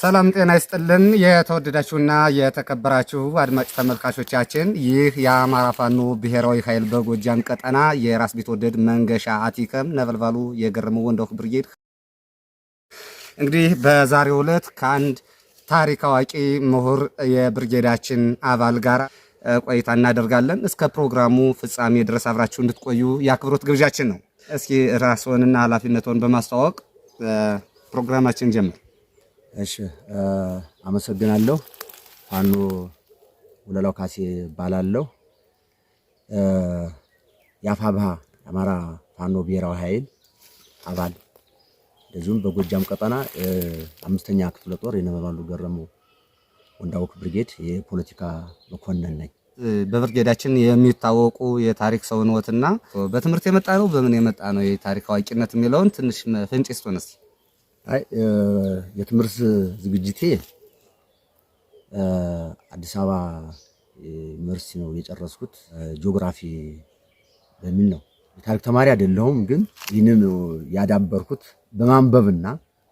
ሰላም ጤና ይስጥልን። የተወደዳችሁና የተከበራችሁ አድማጭ ተመልካቾቻችን ይህ የአማራ ፋኖ ብሔራዊ ኃይል በጎጃም ቀጠና የራስ ቢትወደድ መንገሻ አቲከም ነበልባሉ የገረመው ወንደው ብርጌድ እንግዲህ በዛሬው ዕለት ከአንድ ታሪክ አዋቂ ምሁር የብርጌዳችን አባል ጋር ቆይታ እናደርጋለን። እስከ ፕሮግራሙ ፍጻሜ ድረስ አብራችሁ እንድትቆዩ የአክብሮት ግብዣችን ነው። እስኪ ራስዎንና ኃላፊነትዎን በማስተዋወቅ ፕሮግራማችን ጀምር። እሺ አመሰግናለሁ። ፋኖ ውለላው ካሴ እባላለሁ። የአፋብሃ የአማራ ፋኖ ብሔራዊ ኃይል አባል እንደዚሁም በጎጃም ቀጠና አምስተኛ ክፍለ ጦር የነበባሉ ገረሙ ወንዳውክ ብርጌድ የፖለቲካ መኮንን ነኝ። በብርጌዳችን የሚታወቁ የታሪክ ሰውነትና በትምህርት የመጣ ነው በምን የመጣ ነው የታሪክ አዋቂነት የሚለውን ትንሽ ፍንጭ ስጡን እስኪ። አይ የትምህርት ዝግጅቴ አዲስ አበባ ዩኒቨርሲቲ ነው የጨረስኩት። ጂኦግራፊ በሚል ነው። የታሪክ ተማሪ አይደለሁም፣ ግን ይህንን ያዳበርኩት በማንበብና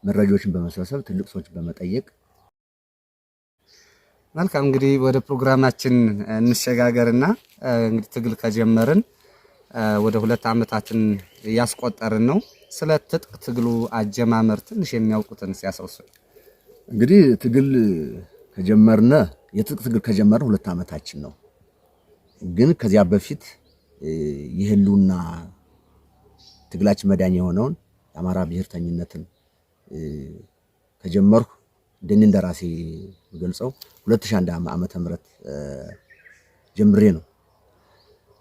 መረጃዎችን በመሰብሰብ ትልቅ ሰዎች በመጠየቅ። መልካም እንግዲህ ወደ ፕሮግራማችን እንሸጋገርና እንግዲህ ትግል ከጀመርን ወደ ሁለት ዓመታትን እያስቆጠርን ነው። ስለ ትጥቅ ትግሉ አጀማመር ትንሽ የሚያውቁትን ሲያሰውስብ። እንግዲህ ትግል ከጀመርነ የትጥቅ ትግል ከጀመርን ሁለት ዓመታችን ነው። ግን ከዚያ በፊት የህልውና ትግላችን መዳኛ የሆነውን የአማራ ብሔርተኝነትን ከጀመርኩ እንደኔ እንደራሴ የምገልጸው 2001 ዓመተ ምህረት ጀምሬ ነው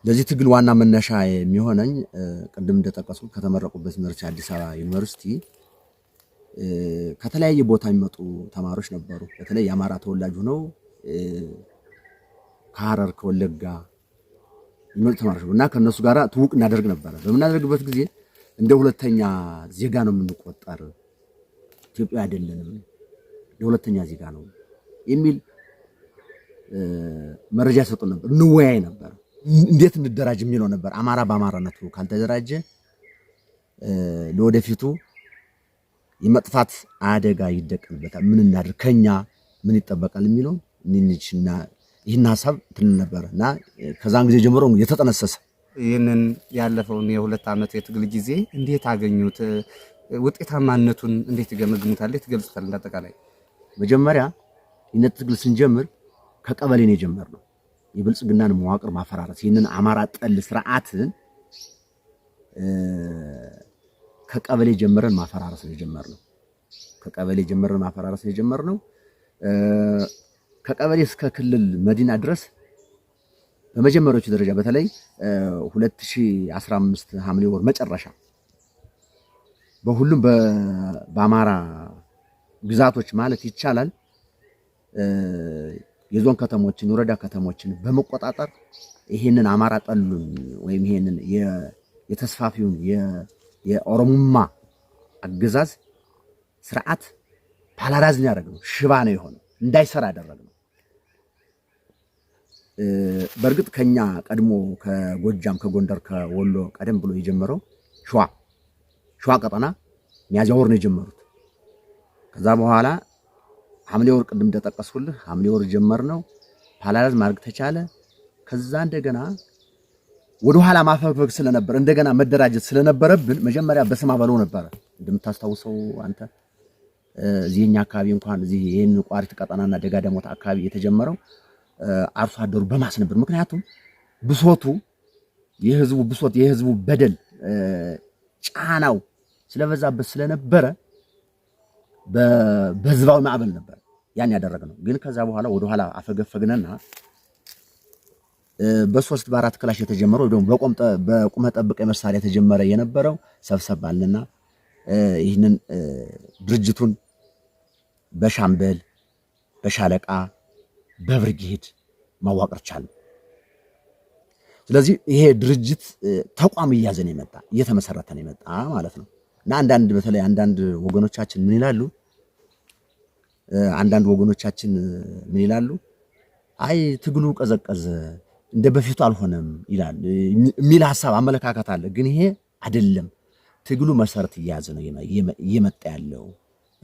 ለዚህ ትግል ዋና መነሻ የሚሆነኝ ቅድም እንደጠቀስኩ ከተመረቁበት ዩኒቨርሲቲ አዲስ አበባ ዩኒቨርሲቲ ከተለያየ ቦታ የሚመጡ ተማሪዎች ነበሩ። በተለይ የአማራ ተወላጅ ሆነው ከሀረር ከወለጋ የሚመጡ ተማሪዎች እና ከእነሱ ጋር ትውቅ እናደርግ ነበረ። በምናደርግበት ጊዜ እንደ ሁለተኛ ዜጋ ነው የምንቆጠር፣ ኢትዮጵያ አይደለንም፣ እንደ ሁለተኛ ዜጋ ነው የሚል መረጃ ይሰጡ ነበር፣ እንወያይ ነበር። እንዴት እንደራጅ የሚለው ነበር። አማራ በአማራነቱ ካልተደራጀ ለወደፊቱ የመጥፋት አደጋ ይደቀንበታል። ምን እናድር፣ ከኛ ምን ይጠበቃል የሚለው ንንችና ይህን ሀሳብ እንትን ነበር እና ከዛን ጊዜ ጀምሮ የተጠነሰሰ ይህንን ያለፈውን የሁለት ዓመት የትግል ጊዜ እንዴት አገኙት? ውጤታማነቱን እንዴት ይገመግሙታል? ትገልጹታል? እንዳጠቃላይ መጀመሪያ ይህን ትግል ስንጀምር ከቀበሌ ነው የጀመርነው። የብልጽግናን መዋቅር ማፈራረስ ይህንን አማራ ጠል ስርዓትን ከቀበሌ ጀምረን ማፈራረስ ነው የጀመርነው። ከቀበሌ ጀምረን ማፈራረስ ነው የጀመርነው። ከቀበሌ እስከ ክልል መዲና ድረስ በመጀመሪያዎቹ ደረጃ በተለይ 2015 ሐምሌ ወር መጨረሻ በሁሉም በአማራ ግዛቶች ማለት ይቻላል የዞን ከተሞችን የወረዳ ከተሞችን በመቆጣጠር ይሄንን አማራ ጠሉን ወይም ይሄንን የተስፋፊውን የኦሮሙማ አገዛዝ ስርዓት ፓላራዝ ነው ያደረግነው። ሽባ ነው የሆነው፣ እንዳይሰራ ያደረግነው። በእርግጥ ከኛ ቀድሞ ከጎጃም ከጎንደር ከወሎ ቀደም ብሎ የጀመረው ሸዋ ሸዋ ቀጠና ሚያዝያ ወር ነው የጀመሩት። ከዛ በኋላ ሐምሌ ወር ቅድም እንደጠቀስኩልህ ሐምሌ ወር ጀመር ነው ፓላላዝ ማድረግ ተቻለ። ከዛ እንደገና ወደኋላ ማፈግፈግ ስለነበር እንደገና መደራጀት ስለነበረብን መጀመሪያ በስማ በለው ነበረ። እንደምታስታውሰው አንተ እዚህ እኛ አካባቢ እንኳን እዚህ ይህን ቋሪት ቀጠናና ደጋዳሞት አካባቢ የተጀመረው አርሶ አደሩ በማስ ነበር። ምክንያቱም ብሶቱ የህዝቡ ብሶት የህዝቡ በደል ጫናው ስለበዛበት ስለነበረ በህዝባዊ ማዕበል ነበር ያን ነው። ግን ከዛ በኋላ ወደኋላ አፈገፈግነና በሶስት በአራት ክላሽ የተጀመረው ደግሞ በቁመ ጠብቀኝ መሳሪያ የተጀመረ የነበረው ሰብሰብ አለና ይህንን ድርጅቱን በሻምበል በሻለቃ በብርጌድ ማዋቀር ቻልን። ስለዚህ ይሄ ድርጅት ተቋም እያዘን የመጣ እየተመሰረተ ነው የመጣ ማለት ነው እና አንዳንድ በተለይ አንዳንድ ወገኖቻችን ምን ይላሉ? አንዳንድ ወገኖቻችን ምን ይላሉ? አይ ትግሉ ቀዘቀዘ፣ እንደ በፊቱ አልሆነም ይላል የሚል ሀሳብ አመለካከት አለ። ግን ይሄ አይደለም። ትግሉ መሰረት እየያዘ ነው እየመጣ ያለው።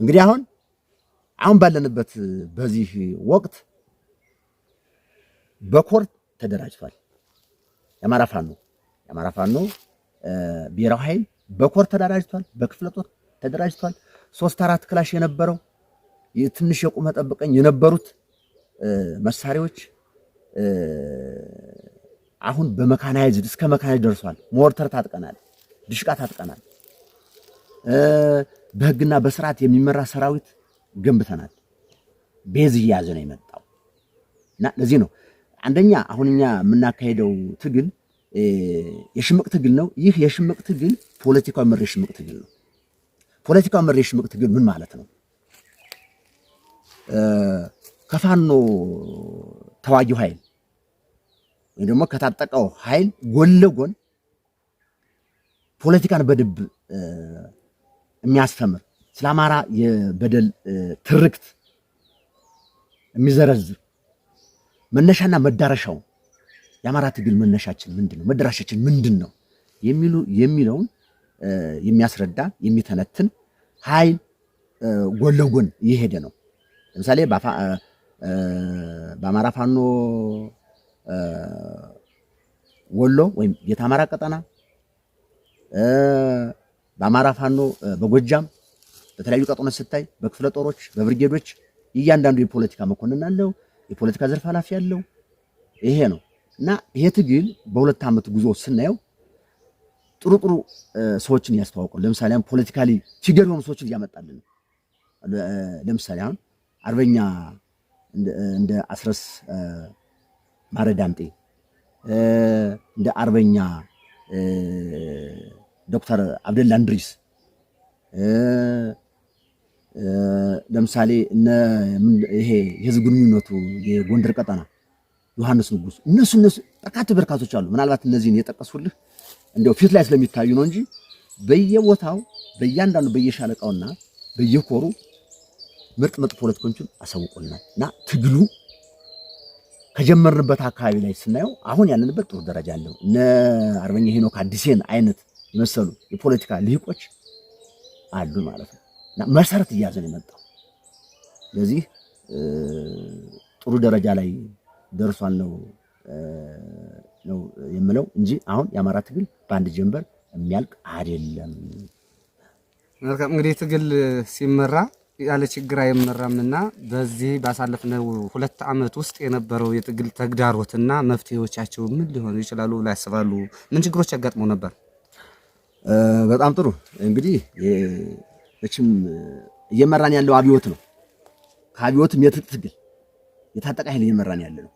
እንግዲህ አሁን አሁን ባለንበት በዚህ ወቅት በኮር ተደራጅቷል። የአማራ ፋኖ የአማራ ፋኖ ብሔራዊ ኃይል በኮር ተደራጅቷል፣ በክፍለ ጦር ተደራጅቷል። ሶስት አራት ክላሽ የነበረው ትንሽ የቁመ ጠብቀኝ የነበሩት መሳሪያዎች አሁን በመካናይዝድ እስከ መካናይዝ ደርሷል። ሞርተር ታጥቀናል፣ ድሽቃ ታጥቀናል። በህግና በስርዓት የሚመራ ሰራዊት ገንብተናል። ቤዝ እየያዘ ነው የመጣው እና ለዚህ ነው አንደኛ አሁን እኛ የምናካሄደው ትግል የሽምቅ ትግል ነው። ይህ የሽምቅ ትግል ፖለቲካዊ መሪ የሽምቅ ትግል ነው። ፖለቲካዊ መሪ የሽምቅ ትግል ምን ማለት ነው? ከፋኖ ተዋጊው ኃይል ወይ ደግሞ ከታጠቀው ኃይል ጎን ለጎን ፖለቲካን በድብ የሚያስተምር ስለ አማራ የበደል ትርክት የሚዘረዝር መነሻና መዳረሻው የአማራ ትግል መነሻችን ምንድን ነው? መዳረሻችን ምንድን ነው? የሚሉ የሚለውን የሚያስረዳ የሚተነትን ኃይል ጎን ለጎን እየሄደ ነው። ለምሳሌ በአማራ ፋኖ ወሎ ወይም ጌታ አማራ ቀጠና በአማራ ፋኖ በጎጃም በተለያዩ ቀጠኖች ስታይ በክፍለ ጦሮች በብርጌዶች እያንዳንዱ የፖለቲካ መኮንን አለው፣ የፖለቲካ ዘርፍ ኃላፊ አለው። ይሄ ነው እና ይሄ ትግል በሁለት ዓመት ጉዞ ስናየው ጥሩ ጥሩ ሰዎችን ያስተዋውቀው። ለምሳሌ አሁን ፖለቲካሊ ችግር የሆኑ ሰዎችን እያመጣልን ለምሳሌ አሁን አርበኛ እንደ አስረስ ማረዳምጤ እንደ አርበኛ ዶክተር አብደላ እንድሪስ ለምሳሌ ይሄ የህዝብ ግንኙነቱ የጎንደር ቀጠና ዮሐንስ ንጉስ፣ እነሱ እነሱ በርካታ በርካቶች አሉ። ምናልባት እነዚህን የጠቀስሁልህ እንደው ፊት ላይ ስለሚታዩ ነው እንጂ በየቦታው በእያንዳንዱ በየሻለቃውና በየኮሩ ምርጥ ምርጥ ፖለቲከኞችን አሳውቆልናል። እና ትግሉ ከጀመርንበት አካባቢ ላይ ስናየው አሁን ያለንበት ጥሩ ደረጃ አለው። እነ አርበኛ ሄኖክ አዲሴን አይነት የመሰሉ የፖለቲካ ልሂቆች አሉ ማለት ነው እና መሰረት እያዘን የመጣው። ለዚህ ጥሩ ደረጃ ላይ ደርሷል ነው ነው የምለው እንጂ አሁን የአማራ ትግል በአንድ ጀንበር የሚያልቅ አይደለም። መልካም እንግዲህ ትግል ሲመራ ያለ ችግር አይመራምና በዚህ ባሳለፍነው ሁለት ዓመት ውስጥ የነበረው የትግል ተግዳሮትና መፍትሄዎቻቸው ምን ሊሆኑ ይችላሉ ብላ ያስባሉ? ምን ችግሮች ያጋጥመው ነበር? በጣም ጥሩ እንግዲህ እችም እየመራን ያለው አብዮት ነው። ከአብዮትም የትጥቅ ትግል የታጠቀ ኃይል እየመራን ያለ ነው።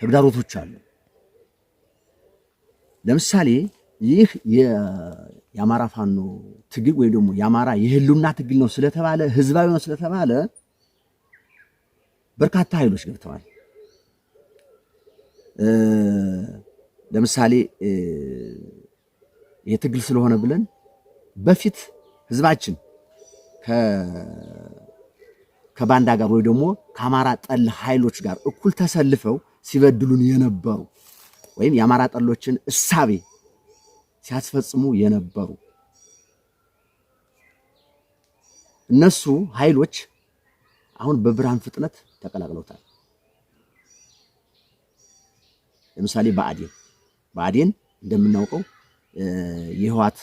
ተግዳሮቶች አሉ። ለምሳሌ ይህ የአማራ ፋኖ ትግል ወይ ደግሞ የአማራ የህልውና ትግል ነው ስለተባለ ህዝባዊ ነው ስለተባለ በርካታ ኃይሎች ገብተዋል። ለምሳሌ የትግል ስለሆነ ብለን በፊት ህዝባችን ከባንዳ ጋር ወይ ደግሞ ከአማራ ጠል ኃይሎች ጋር እኩል ተሰልፈው ሲበድሉን የነበሩ ወይም የአማራ ጠሎችን እሳቤ ሲያስፈጽሙ የነበሩ እነሱ ኃይሎች አሁን በብርሃን ፍጥነት ተቀላቅለውታል። ለምሳሌ በአዴን በአዴን እንደምናውቀው የህዋት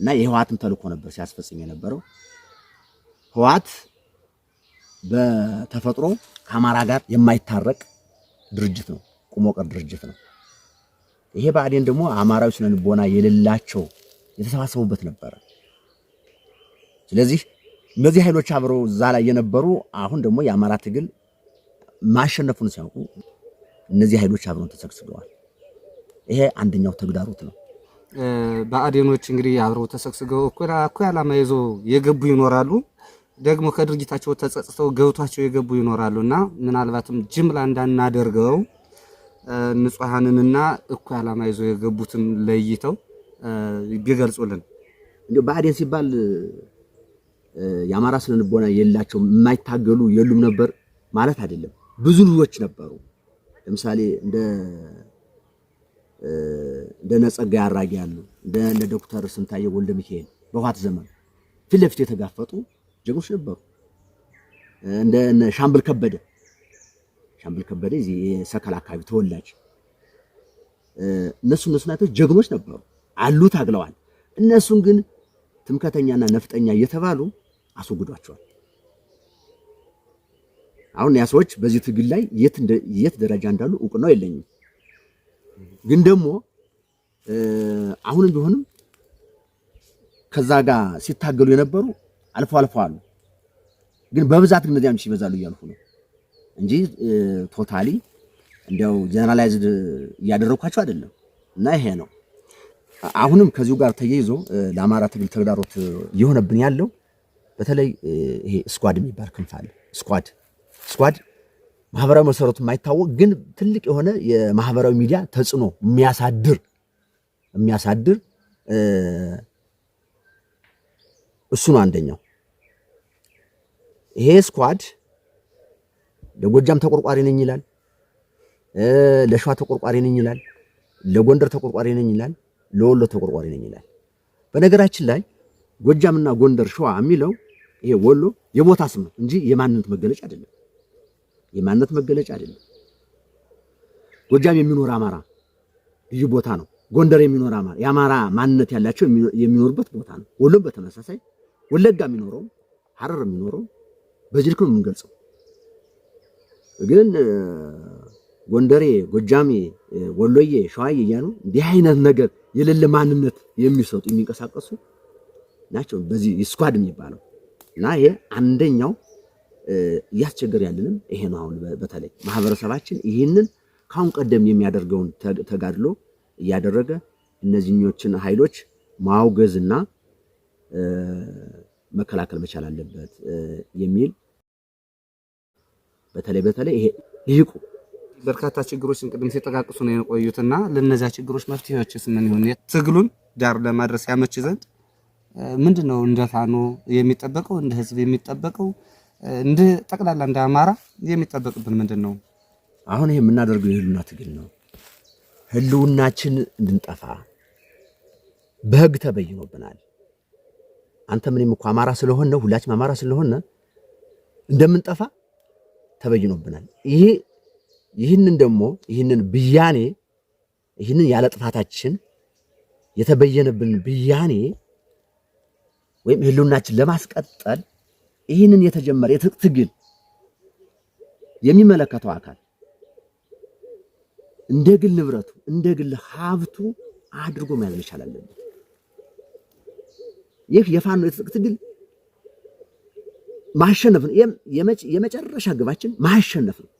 እና የህዋትም ተልእኮ ነበር ሲያስፈጽም የነበረው ህዋት በተፈጥሮ ከአማራ ጋር የማይታረቅ ድርጅት ነው፣ ቁሞቀር ድርጅት ነው። ይሄ ብአዴን ደግሞ አማራዊ ስነ ልቦና የሌላቸው የተሰባሰቡበት ነበረ። ስለዚህ እነዚህ ኃይሎች አብረው እዛ ላይ የነበሩ አሁን ደግሞ የአማራ ትግል ማሸነፉን ሲያውቁ እነዚህ ኃይሎች አብረው ተሰግስገዋል። ይሄ አንደኛው ተግዳሮት ነው። ብአዴኖች እንግዲህ አብረው ተሰግስገው እኩል ዓላማ ይዞ የገቡ ይኖራሉ። ደግሞ ከድርጊታቸው ተጸጽተው ገብቷቸው የገቡ እና ምናልባትም ጅምላ እንዳናደርገው ንጹሐንንና እኩይ ዓላማ ይዞ የገቡትን ለይተው ቢገልጹልን። እንዲሁ ብአዴን ሲባል የአማራ ስነ ልቦና የላቸው የማይታገሉ የሉም ነበር ማለት አይደለም። ብዙ ልጆች ነበሩ። ለምሳሌ እንደ እንደ ጸጋዬ አራጌ ያሉ እንደ ዶክተር ስንታየ ወልደ ሚካኤል በኋት ዘመን ፊት ለፊት የተጋፈጡ ጀግኖች ነበሩ። እንደ ሻምብል ከበደ ሻምበል ከበደ ሰከላ አካባቢ ተወላጅ እነሱ እነሱ ናቸው ጀግኖች ነበሩ አሉ ታግለዋል። እነሱን ግን ትምከተኛና ነፍጠኛ እየተባሉ አስወግዷቸዋል። አሁን ያ ሰዎች በዚህ ትግል ላይ የት ደረጃ እንዳሉ እውቅናው የለኝም። ግን ደግሞ አሁንም ቢሆንም ከዛ ጋር ሲታገሉ የነበሩ አልፎ አልፎ አሉ። ግን በብዛት እነዚያም ሲበዛሉ እያልኩ ነው። እንጂ ቶታሊ እንዲያው ጀነራላይዝድ እያደረግኳቸው አይደለም። እና ይሄ ነው አሁንም ከዚሁ ጋር ተያይዞ ለአማራ ትግል ተግዳሮት እየሆነብን ያለው በተለይ ይሄ ስኳድ የሚባል ክንፍ አለ። ስኳድ ስኳድ ማህበራዊ መሰረቱ የማይታወቅ ግን ትልቅ የሆነ የማህበራዊ ሚዲያ ተጽዕኖ የሚያሳድር የሚያሳድር እሱ ነው አንደኛው ይሄ ስኳድ ለጎጃም ተቆርቋሪ ነኝ ይላል፣ ለሸዋ ተቆርቋሪ ነኝ ይላል፣ ለጎንደር ተቆርቋሪ ነኝ ይላል፣ ለወሎ ተቆርቋሪ ነኝ ይላል። በነገራችን ላይ ጎጃምና ጎንደር ሸዋ የሚለው ይሄ ወሎ የቦታ ስም ነው እንጂ የማንነት መገለጫ አይደለም። የማንነት መገለጫ አይደለም። ጎጃም የሚኖር አማራ ልዩ ቦታ ነው። ጎንደር የሚኖር አማራ የአማራ ማንነት ያላቸው የሚኖርበት ቦታ ነው። ወሎም በተመሳሳይ ወለጋ የሚኖረው ሐረር የሚኖረው በዚህ ልክ ነው የምንገልጸው። ግን ጎንደሬ፣ ጎጃሜ፣ ወሎዬ፣ ሸዋዬ እያሉ እንዲህ አይነት ነገር የሌለ ማንነት የሚሰጡ የሚንቀሳቀሱ ናቸው። በዚህ ስኳድ የሚባለው እና ይሄ አንደኛው እያስቸገር ያለንም ይሄ ነው። አሁን በተለይ ማህበረሰባችን ይህንን ካሁን ቀደም የሚያደርገውን ተጋድሎ እያደረገ እነዚህኞችን ኃይሎች ማውገዝና መከላከል መቻል አለበት የሚል በተለይ በተለይ ይሄ ይቁ በርካታ ችግሮችን ቅድም ሲጠቃቅሱ ነው የቆዩትና ለነዚያ ችግሮች መፍትሄዎችስ ምን ይሆን? ትግሉን ዳር ለማድረስ ያመች ዘንድ ምንድን ነው እንደ ፋኖ የሚጠበቀው እንደ ህዝብ የሚጠበቀው እንደ ጠቅላላ እንደ አማራ የሚጠበቅብን ምንድን ነው? አሁን ይሄ የምናደርገው የህልውና ትግል ነው። ህልውናችን እንድንጠፋ በህግ ተበይኖብናል። አንተ ምንም እኮ አማራ ስለሆነ ሁላችንም አማራ ስለሆነ እንደምንጠፋ ተበይኖብናል። ይሄ ይህንን ደግሞ ይህንን ብያኔ ይህንን ያለ ጥፋታችን የተበየነብን ብያኔ ወይም ህልውናችን ለማስቀጠል ይህንን የተጀመረ ትግል የሚመለከተው አካል እንደ ግል ንብረቱ እንደ ግል ሀብቱ አድርጎ መያዝ መቻል አለበት። ይህ የፋኖ የትጥቅ ትግል ማሸነፍ ነው። የመጨረሻ ግባችን ማሸነፍ ነው።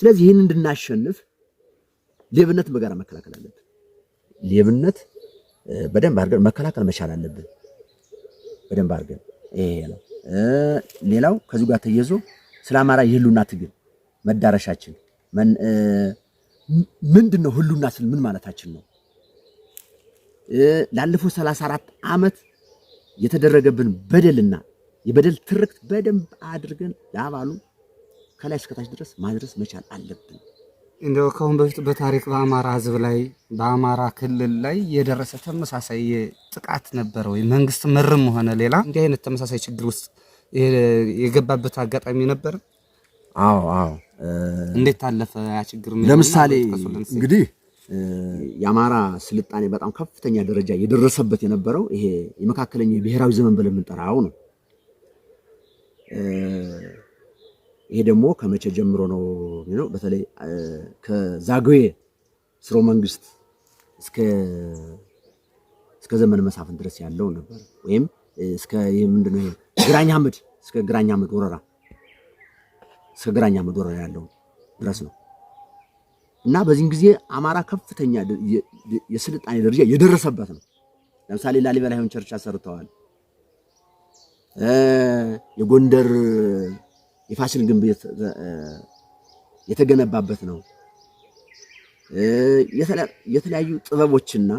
ስለዚህ ይህን እንድናሸንፍ ሌብነት በጋራ መከላከል አለብን። ሌብነት በደንብ አድርገን መከላከል መቻል አለብን። በደንብ አድርገን ይሄ ነው። ሌላው ከዚሁ ጋር ተያይዞ ስለ አማራ የህሉና ትግል መዳረሻችን ምንድን ነው? ህሉና ስል ምን ማለታችን ነው? ላለፉት 34 ዓመት የተደረገብን በደልና የበደል ትርክት በደንብ አድርገን ለአባሉ ከላይ እስከታች ድረስ ማድረስ መቻል አለብን። እንደው ከአሁን በፊት በታሪክ በአማራ ህዝብ ላይ በአማራ ክልል ላይ የደረሰ ተመሳሳይ ጥቃት ነበረ ወይ? መንግስት መርም ሆነ ሌላ እንዲህ አይነት ተመሳሳይ ችግር ውስጥ የገባበት አጋጣሚ ነበር? አዎ አዎ። እንዴት ታለፈ ያ ችግር? ለምሳሌ እንግዲህ የአማራ ስልጣኔ በጣም ከፍተኛ ደረጃ የደረሰበት የነበረው ይሄ የመካከለኛ ብሔራዊ ዘመን ብለን የምንጠራው ነው። ይሄ ደግሞ ከመቼ ጀምሮ ነው ነው? በተለይ ከዛግዌ ስርወ መንግስት እስከ ዘመነ መሳፍንት ድረስ ያለው ነበር። ወይም እስከ ምንድነው ይሄ ግራኝ አህመድ እስከ ግራኝ አህመድ ወረራ እስከ ግራኝ አህመድ ወረራ ያለው ድረስ ነው እና በዚህን ጊዜ አማራ ከፍተኛ የስልጣኔ ደረጃ የደረሰበት ነው። ለምሳሌ ላሊበላ ይሆን ቸርች አሰርተዋል። የጎንደር የፋሲል ግንብ የተገነባበት ነው። የተለያዩ ጥበቦችና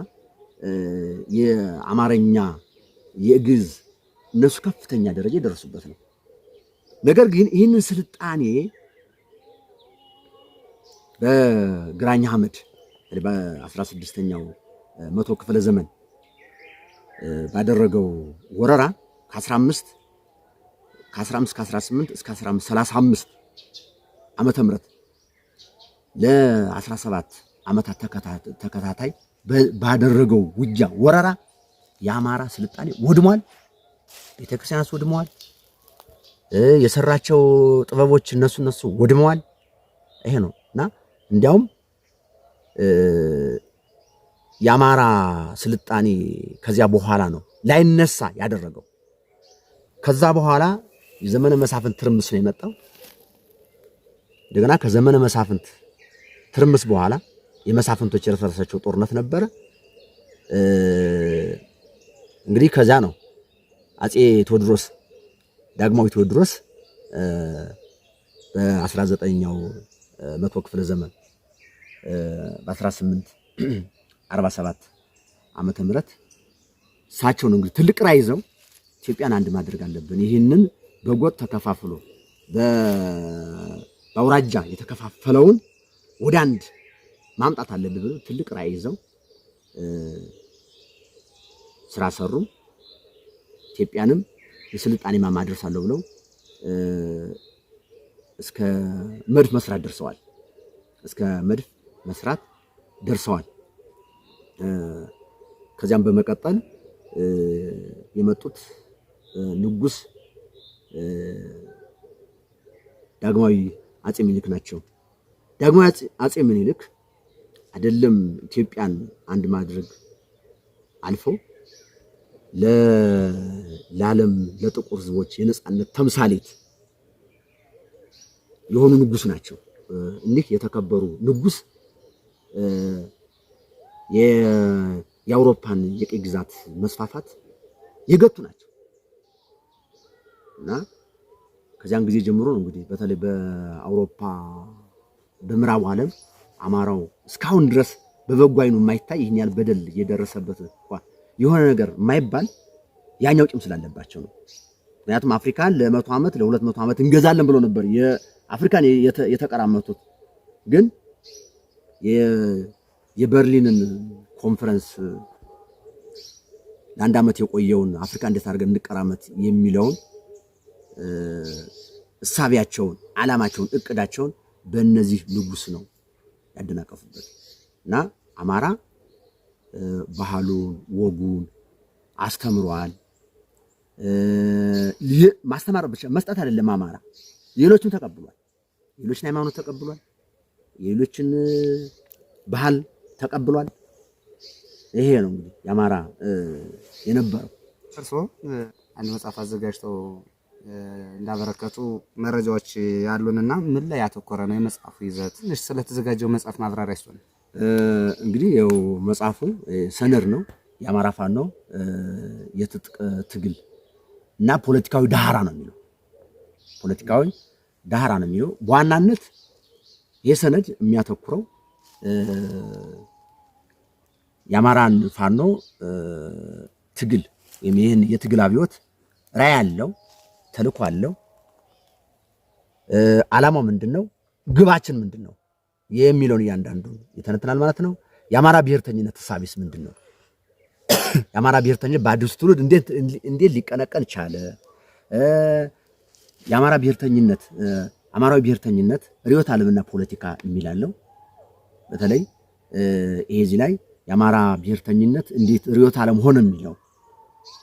የአማርኛ የግዕዝ እነሱ ከፍተኛ ደረጃ የደረሱበት ነው። ነገር ግን ይህንን ስልጣኔ በግራኝ አህመድ 16 ስድስተኛው መቶ ክፍለ ዘመን ባደረገው ወረራ ከ15 ከ15 ከ18 እስከ 35 ዓመተ ምህረት ለ17 ዓመታት ተከታታይ ባደረገው ውጊያ ወረራ የአማራ ስልጣኔ ወድሟል። ቤተክርስቲያናት ወድመዋል። የሰራቸው ጥበቦች እነሱ እነሱ ወድመዋል። ይሄ ነው እና እንዲያውም የአማራ ስልጣኔ ከዚያ በኋላ ነው ላይነሳ ያደረገው። ከዛ በኋላ የዘመነ መሳፍንት ትርምስ ነው የመጣው። እንደገና ከዘመነ መሳፍንት ትርምስ በኋላ የመሳፍንቶች የእርስ ጦርነት ነበረ። እንግዲህ ከዛ ነው አጼ ቴዎድሮስ ዳግማዊ ቴዎድሮስ በ19ኛው መቶ ክፍለ ዘመን በ1847 ዓመተ ምህረት እሳቸው ነው እንግዲህ ትልቅ ራይ ይዘው ኢትዮጵያን አንድ ማድረግ አለብን። ይህንን በጎጥ ተከፋፍሎ በአውራጃ የተከፋፈለውን ወደ አንድ ማምጣት አለብን ብሎ ትልቅ ራዕይ ይዘው ስራ ሰሩ። ኢትዮጵያንም የስልጣኔ ማማ አደርሳለሁ ብለው እስከ መድፍ መስራት ደርሰዋል። እስከ መድፍ መስራት ደርሰዋል። ከዚያም በመቀጠል የመጡት ንጉስ ዳግማዊ አጼ ምኒልክ ናቸው። ዳግማዊ አጼ ምኒልክ አይደለም ኢትዮጵያን አንድ ማድረግ አልፈው ለዓለም ለጥቁር ሕዝቦች የነጻነት ተምሳሌት የሆኑ ንጉስ ናቸው። እኒህ የተከበሩ ንጉስ የአውሮፓን የቅኝ ግዛት መስፋፋት የገቱ ናቸው። እና ከዚያን ጊዜ ጀምሮ ነው እንግዲህ በተለይ በአውሮፓ በምዕራቡ ዓለም አማራው እስካሁን ድረስ በበጎ አይኑ የማይታይ ይህን ያህል በደል እየደረሰበት እንኳን የሆነ ነገር የማይባል ያኛው ጭም ስላለባቸው ነው። ምክንያቱም አፍሪካን ለመቶ ዓመት ለሁለት መቶ ዓመት እንገዛለን ብሎ ነበር የአፍሪካን የተቀራመቱት። ግን የበርሊንን ኮንፈረንስ ለአንድ ዓመት የቆየውን አፍሪካ እንዴት አድርገን እንቀራመት የሚለውን እሳቢያቸውን፣ ዓላማቸውን፣ እቅዳቸውን በእነዚህ ንጉስ ነው ያደናቀፉበት እና አማራ ባህሉን ወጉን አስተምሯል። ማስተማር ብቻ መስጠት አይደለም። አማራ ሌሎችም ተቀብሏል። ሌሎችን ሃይማኖት ተቀብሏል። ሌሎችን ባህል ተቀብሏል። ይሄ ነው እንግዲህ የአማራ የነበረው። እርስዎ አንድ መጽሐፍ አዘጋጅተው እንዳበረከቱ መረጃዎች ያሉንና ምን ላይ ያተኮረ ነው የመጽሐፉ ይዘት? ትንሽ ስለተዘጋጀው መጽሐፍ ማብራሪያ ይስጡን። እንግዲህ ያው መጽሐፉ ሰነድ ነው። የአማራ ፋኖ የትጥቅ ትግል እና ፖለቲካዊ ዳህራ ነው የሚለው ፖለቲካዊ ዳህራ ነው የሚለው በዋናነት ይህ ሰነድ የሚያተኩረው የአማራን ፋኖ ትግል ወይም ይህን የትግል አብዮት ራዕይ ያለው ተልእኮ አለው። አላማው ምንድን ነው? ግባችን ምንድን ነው የሚለውን እያንዳንዱ ይተነትናል ማለት ነው። የአማራ ብሔርተኝነት ተሳቢስ ምንድን ነው? የአማራ ብሔርተኝነት በአዲሱ ትውልድ እንዴት ሊቀነቀን ቻለ? የአማራ ብሔርተኝነት አማራዊ ብሔርተኝነት ርዕዮተ ዓለምና ፖለቲካ የሚል በተለይ ይሄ እዚህ ላይ የአማራ ብሔርተኝነት እንዴት ርዕዮተ ዓለም ሆነ የሚለው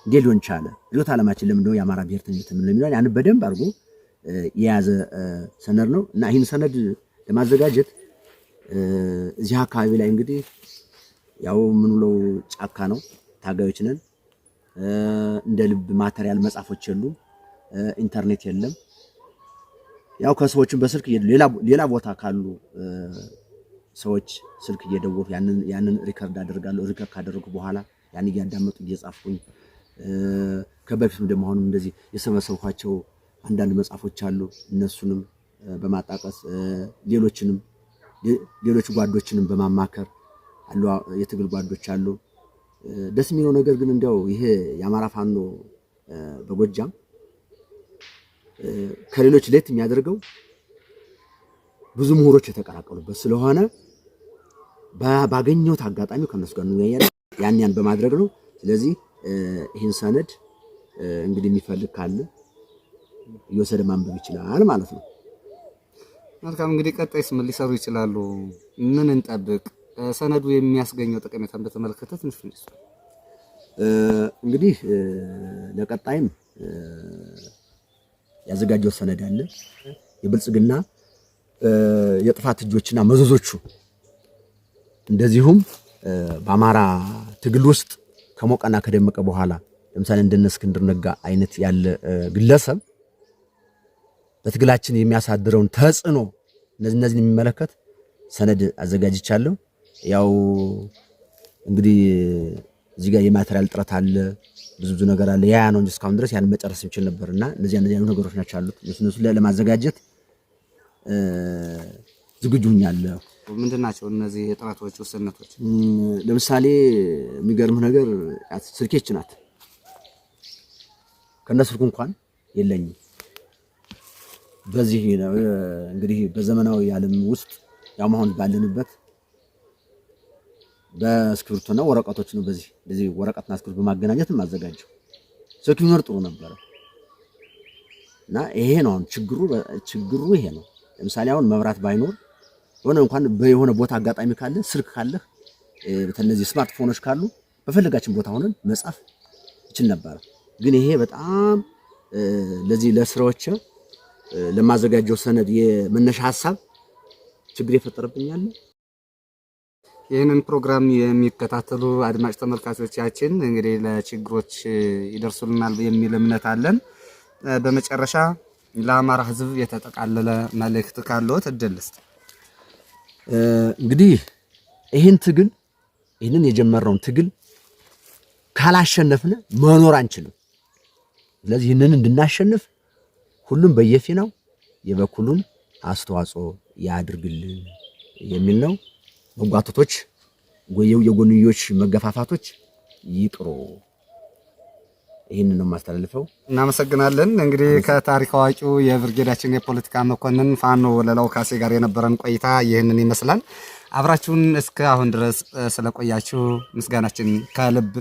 እንዴት ሊሆን ቻለ? ርዕዮተ ዓለማችን ለምንድነው የአማራ ብሔርተኝነት ምን የሚለውን ያንን በደንብ አድርጎ የያዘ ሰነድ ነው እና ይህን ሰነድ ለማዘጋጀት እዚህ አካባቢ ላይ እንግዲህ ያው የምንውለው ጫካ ነው። ታጋዮች ነን። እንደ ልብ ማተሪያል መጽሐፎች የሉም፣ ኢንተርኔት የለም። ያው ከሰዎችን በስልክ ሌላ ቦታ ካሉ ሰዎች ስልክ እየደወሉ ያንን ሪከርድ አደርጋለሁ። ሪከርድ ካደረጉ በኋላ ያን እያዳመጡ እየጻፍኩኝ ከበፊትም ደግሞ አሁንም እንደዚህ የሰበሰብኳቸው አንዳንድ መጽሐፎች አሉ። እነሱንም በማጣቀስ ሌሎችንም ሌሎች ጓዶችንም በማማከር አሉ። የትግል ጓዶች አሉ። ደስ የሚለው ነገር ግን እንዲያው ይሄ የአማራ ፋኖ በጎጃም ከሌሎች ለየት የሚያደርገው ብዙ ምሁሮች የተቀላቀሉበት ስለሆነ ባገኘሁት አጋጣሚ ከነሱ ጋር እንወያያለን። ያን ያን በማድረግ ነው። ስለዚህ ይህን ሰነድ እንግዲህ የሚፈልግ ካለ የወሰደ ማንበብ ይችላል ማለት ነው። መልካም እንግዲህ ቀጣይስ ምን ሊሰሩ ይችላሉ? ምን እንጠብቅ? ሰነዱ የሚያስገኘው ጠቀሜታን በተመለከተ ትንሽ እንግዲህ ለቀጣይም ያዘጋጀው ሰነድ አለ። የብልጽግና የጥፋት እጆችና መዘዞቹ እንደዚሁም በአማራ ትግል ውስጥ ከሞቀና ከደመቀ በኋላ ለምሳሌ እንደነ እስክንድር ነጋ አይነት ያለ ግለሰብ በትግላችን የሚያሳድረውን ተጽዕኖ እነዚህ እነዚህን የሚመለከት ሰነድ አዘጋጅቻለሁ። ያው እንግዲህ እዚህ ጋር የማቴሪያል ጥረት አለ፣ ብዙ ብዙ ነገር አለ። ያ ነው እንጂ እስካሁን ድረስ ያን መጨረስ ይችል ነበር እና እነዚህ ነዚህ ነገሮች ናቸው አሉት። እነሱ ለማዘጋጀት ዝግጁኛለሁ። ምንድን ናቸው እነዚህ እጥረቶች፣ ውስንነቶች? ለምሳሌ የሚገርምህ ነገር ስልኬች ናት። ከእነ ስልኩ እንኳን የለኝም። በዚህ እንግዲህ በዘመናዊ ዓለም ውስጥ ያም አሁን ባለንበት በእስክሪብቶና ወረቀቶች ነው። በዚህ በዚህ ወረቀትና እስክሪብቶ በማገናኘት ማዘጋጀው ስልክ ቢኖር ጥሩ ነበረ እና ይሄ ነው አሁን ችግሩ ችግሩ ይሄ ነው። ለምሳሌ አሁን መብራት ባይኖር የሆነ እንኳን የሆነ ቦታ አጋጣሚ ካለ ስልክ ካለህ እነዚህ ስማርትፎኖች ካሉ በፈለጋችን ቦታ ሆነን መጻፍ ይችል ነበረ። ግን ይሄ በጣም ለዚህ ለስራዎች ለማዘጋጀው ሰነድ የመነሻ ሀሳብ ችግር ይፈጠርብኛል። ይህንን ፕሮግራም የሚከታተሉ አድማጭ ተመልካቾቻችን እንግዲህ ለችግሮች ይደርሱልናል የሚል እምነት አለን። በመጨረሻ ለአማራ ሕዝብ የተጠቃለለ መልእክት ካለዎት እድል እንግዲህ ይህን ትግል ይህንን የጀመረውን ትግል ካላሸነፍን መኖር አንችልም። ስለዚህ ይህንን እንድናሸንፍ ሁሉም በየፊናው የበኩሉን አስተዋጽኦ ያድርግልን የሚል ነው። መጓተቶች፣ የጎንዮሽ መገፋፋቶች ይቅሩ። ይህንን ነው የማስተላልፈው። እናመሰግናለን። እንግዲህ ከታሪክ አዋቂው የብርጌዳችን የፖለቲካ መኮንን ፋኖ ወለላው ካሴ ጋር የነበረን ቆይታ ይህንን ይመስላል። አብራችሁን እስከ አሁን ድረስ ስለቆያችሁ ምስጋናችን ከልብ